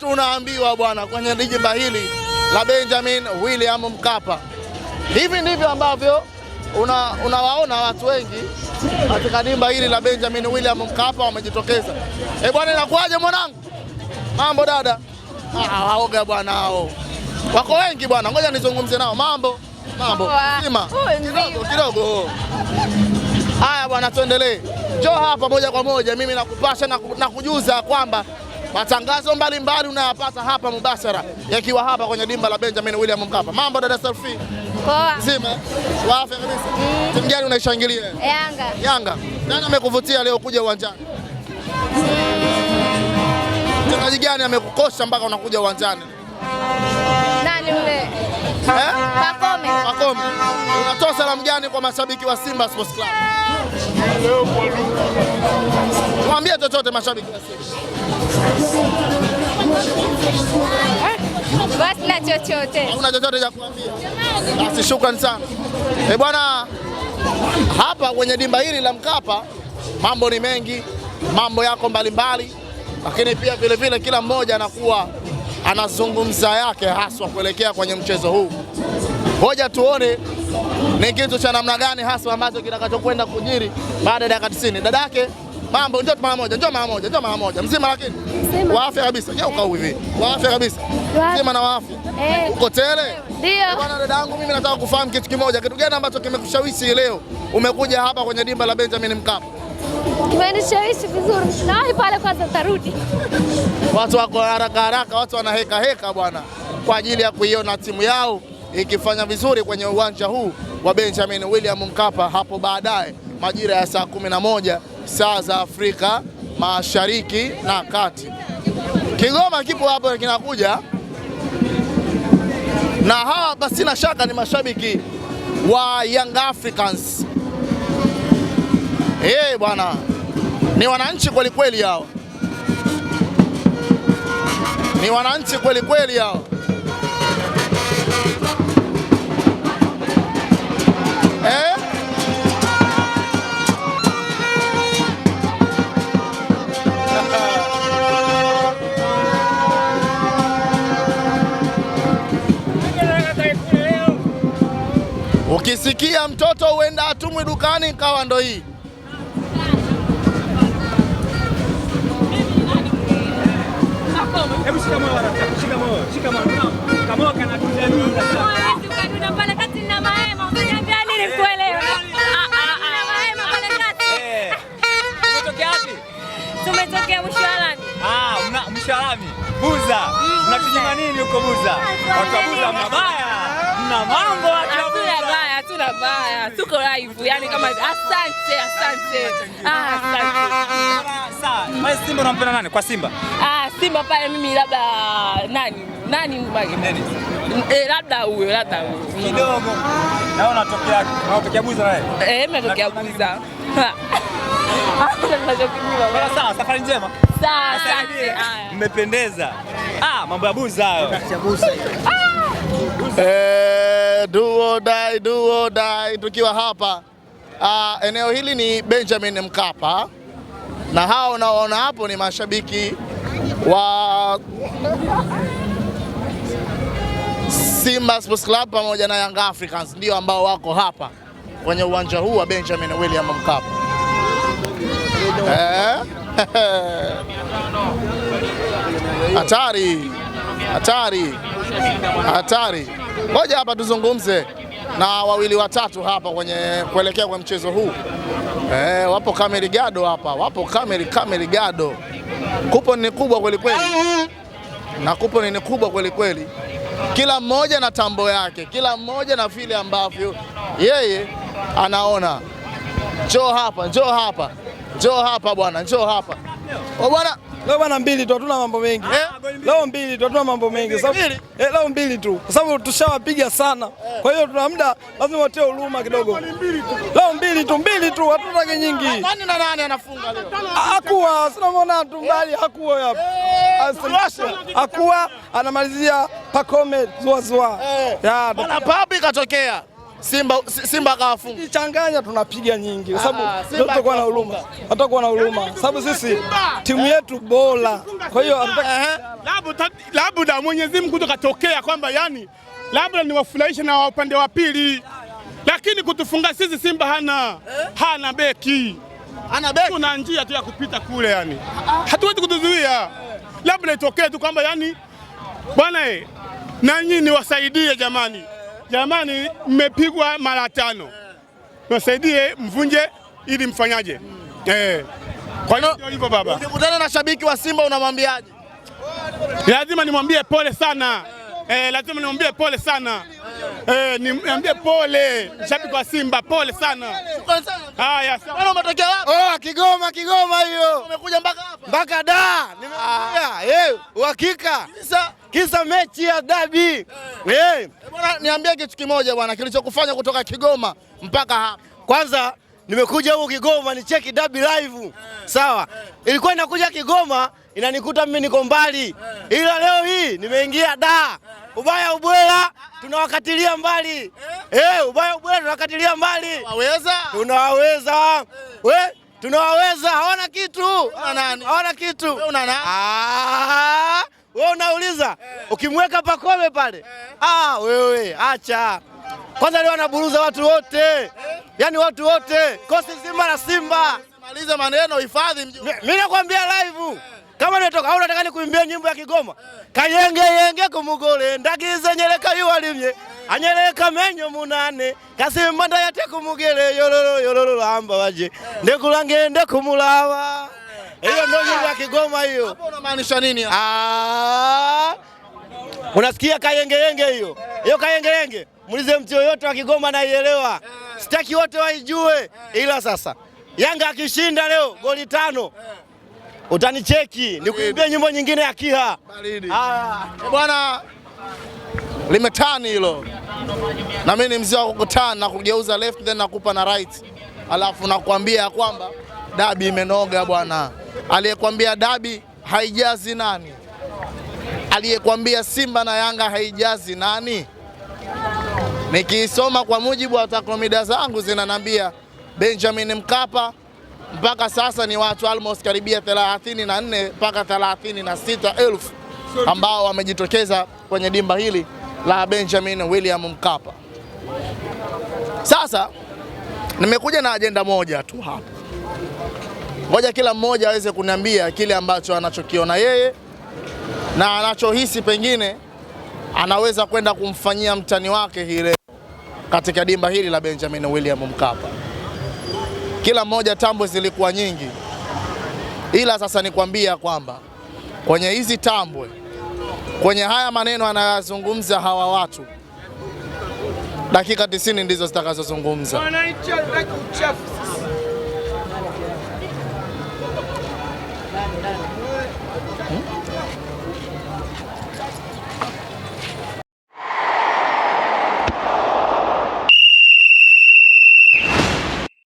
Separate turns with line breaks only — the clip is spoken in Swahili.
tunaambiwa bwana kwenye dijimba hili la Benjamin William Mkapa. Hivi ndivyo ambavyo unawaona una watu wengi katika dimba hili la Benjamin William Mkapa wamejitokeza. Eh bwana, inakuwaje mwanangu? Mambo dada? Ah, waoga bwana hao. Wako wengi bwana, ngoja nizungumze nao. Mambo mambo sima kidogo kidogo. Haya bwana, tuendelee. Njoo hapa moja kwa moja, mimi nakupasha na kujuza kwamba Matangazo mbalimbali unayapata hapa mubashara, yakiwa hapa kwenye dimba la Benjamin William Mkapa. Mambo dada Selfie, poa zima, wa afya kabisa. Mm. Timu gani unaishangilia? Yanga. Yanga. Nani amekuvutia leo kuja uwanjani? Mchezaji gani amekukosha mpaka unakuja uwanjani?
Nani yule? Eh? Pakome.
Pakome unatoa salamu gani kwa mashabiki wa Simba Sports Club? Mwambie chochote mashabiki wa Simba.
Basi na chochote.
Una chochote cha kuambia? Basi shukrani sana. Eh, bwana hapa kwenye dimba hili la Mkapa mambo ni mengi, mambo yako mbalimbali, lakini pia vile vile kila mmoja anakuwa anazungumza yake haswa kuelekea kwenye mchezo huu. Ngoja tuone ni kitu cha namna gani hasa ambacho kitakachokwenda kujiri baada ya dakika 90. Dada yake mambo, njoo mara moja, njoo mara moja, njoo mara moja. Mzima lakini wa afya kabisa, hivi wa afya kabisa, mzima na wa afya eh, uko tele. Ndio bwana, dada yangu, mimi nataka kufahamu kitu kimoja. Kitu gani ambacho kimekushawishi leo umekuja hapa kwenye dimba la Benjamin Mkapa?
Kimenishawishi vizuri, nawahi pale kwanza, tarudi.
Watu wako haraka haraka, watu wanaheka heka bwana, kwa ajili ya kuiona timu yao ikifanya vizuri kwenye uwanja huu wa Benjamin William Mkapa hapo baadaye majira ya saa 11 saa za Afrika Mashariki na Kati. Kigoma kipo hapo kinakuja, na hawa basi na shaka ni mashabiki wa Young Africans. Eh, bwana ni wananchi kwelikweli hao, ni wananchi kwelikweli hao. Ukisikia mtoto huenda atumwi dukani, kawa ndo hii.
Tumetokea Mshalani. Eh,
ah, ah, ah, eh, ah Buza. Mm, nini huko Buza? Watu wa Buza mambo
baya, tuko live yani kama asante, asante. Ah, asante.
Sawa. Simba unampenda nani kwa Simba?
Ah, Simba pale mimi labda nani? Nani Nani? Eh, labda huyo, labda huyo.
Kidogo. Naona eh, natokea. Natokea Buza naye.
Eh, mimi Buza.
Sawa, safari njema. Sawa, asante. Mmependeza. Ah, mambo ya buza hayo. Ah! Eh, die, do or die. tukiwa hapa ah, eneo hili ni Benjamin Mkapa na hao unaoona hapo ni mashabiki wa Simba Sports Club pamoja na Young Africans ndio ambao wako hapa kwenye uwanja huu wa Benjamin William Mkapa. Eh? hatari hatari hatari. Ngoja hapa tuzungumze na wawili watatu hapa kwenye kuelekea kwa mchezo huu eh, wapo kameli gado hapa, wapo kameri kameli gado. Kuponi ni kubwa kweli kweli, na kuponi ni kubwa kweli kweli. Kila mmoja na tambo yake, kila mmoja na vile ambavyo yeye anaona. Njoo hapa, njoo hapa, njoo hapa bwana, njoo hapa bwana. Leo bana mbili tu, hatuna mambo mengi eh? Leo mbili tu, hatuna mambo mengi sababu eh, leo mbili tu kwa sababu tushawapiga sana Kwa hiyo tuna muda, lazima watie huruma kidogo. Leo mbili tu, mbili tu, hatutaki nyingi.
Nani na nani anafunga leo?
Hakuwa sinaona tu mbali, hakuwa hapo eh, ah, hakuwa anamalizia Pacome eh. Ya, bana papi ikatokea. Simba Simba akawafunga. Ichanganya tunapiga nyingi kwa sababu tutakuwa na huruma. Hatakuwa na huruma. Sababu sisi timu yetu bora. Kwa hiyo labda labda Mwenyezi Mungu tukatokea kwamba yani labda niwafurahishe na wa upande wa pili. Lakini kutufunga sisi Simba hana eh? hana beki. Hana beki. Tuna njia tu ya kupita kule yani. Hatuwezi kutuzuia. Labda itokee tu kwamba yani bwana, eh, nanyi niwasaidie jamani. Jamani, mmepigwa mara tano, msaidie mvunje ili mfanyaje? mm. Eh, kwa hiyo ndio hivyo baba. Ukikutana na shabiki wa Simba unamwambiaje? Lazima nimwambie pole sana eh, Eh, lazima nimwambie pole sana eh, Eh, nimwambie pole shabiki wa Simba, pole sana. Haya, bwana, umetokea wapi? Oh, Kigoma, Kigoma hiyo. Umekuja mpaka hapa? Mpaka da. Nimekuja. Ah. Eh, uhakika. Sasa kisa mechi ya dabi. Hey. Eh. Eh. Hey. Eh, bwana, niambie kitu kimoja bwana, kilichokufanya kutoka Kigoma mpaka hapa. Kwanza nimekuja huku Kigoma nicheki dabi live. Hey. Sawa. Hey. Ilikuwa inakuja Kigoma inanikuta mimi niko mbali. Hey. Ila leo hii nimeingia da. Hey. Ubaya ubwela tunawakatilia mbali. Hey. Hey, ubaya ubwela tunawakatilia mbali. Tunaweza? Tunawaweza. Hey. We? Tunawaweza, hawana kitu. Hawana kitu. Una nani? Ah wewe unauliza yeah. ukimweka Pakome pale yeah. ah, wewe acha kwanza, leo anaburuza watu wote, yeah. yaani watu wote kosi zima na Simba. Maliza maneno, hifadhi mjumbe. Mimi nakwambia live eh. kama nitoka au nataka nikuimbie nyimbo ya Kigoma yeah. kayenge yenge kumugole ndagize nyeleka yuwalimye eh. anyeleka menyo munane kasimba ndayate kumugele yololo yololo lamba waje yeah. ndekulangende kumulawa hiyo ndio ah! nyimbo ya Kigoma hiyo. Hapo unamaanisha nini? Ah, unasikia kayengeyenge hiyo hiyo kayengeyenge, muulize mtu yoyote wa Kigoma naielewa, eh. sitaki wote waijue, eh. ila sasa Yanga akishinda leo goli tano eh. utanicheki nikuimbie nyimbo nyingine ya Kiha ah. bwana. Limetani hilo, na mimi ni mzee wa kukutana na kugeuza left then nakupa na right, alafu nakwambia ya kwamba dabi imenoga bwana. Aliyekwambia dabi haijazi nani? Aliyekwambia Simba na Yanga haijazi nani? Nikiisoma kwa mujibu wa takomida zangu zinanambia Benjamin Mkapa mpaka sasa ni watu almost karibia 34 mpaka 36,000 ambao wamejitokeza kwenye dimba hili la Benjamin William Mkapa. Sasa nimekuja na ajenda moja tu hapa. Ngoja kila mmoja aweze kuniambia kile ambacho anachokiona yeye na anachohisi, pengine anaweza kwenda kumfanyia mtani wake hii leo katika dimba hili la Benjamin William Mkapa. Kila mmoja tambwe zilikuwa nyingi, ila sasa nikwambia kwamba kwenye hizi tambwe, kwenye haya maneno anayazungumza hawa watu, dakika 90 ndizo zitakazozungumza.